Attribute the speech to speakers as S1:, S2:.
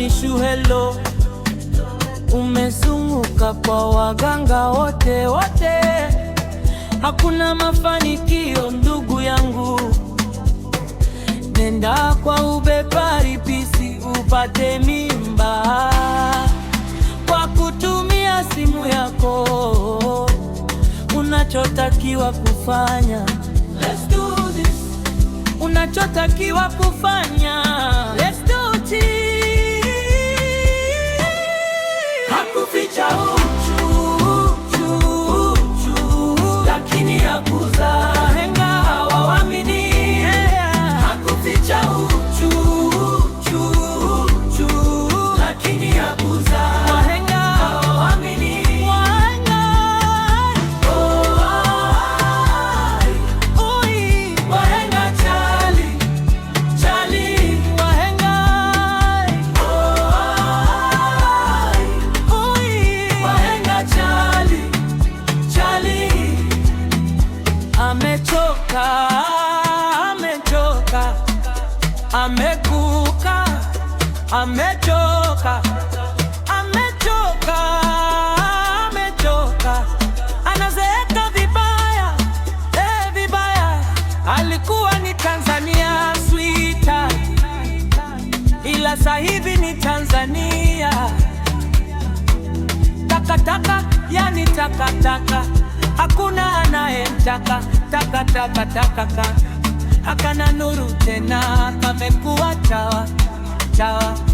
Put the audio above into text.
S1: nishu hello, umezunguka kwa waganga wote wote, hakuna mafanikio ndugu yangu, nenda kwa ubepari pisi upate mimba kwa kutumia simu yako. Unachotakiwa kufanya
S2: Let's do this.
S1: Unachotakiwa kufanya amechoka, amechoka, amekuka, amechoka, amechoka, amechoka, anazeeka vibaya, eh, vibaya. Alikuwa ni Tanzania sweetheart, ila sasa hivi ni Tanzania takataka, yani takataka taka taka taka taka ka hakana nuru tena, pamekuwa chawa chawa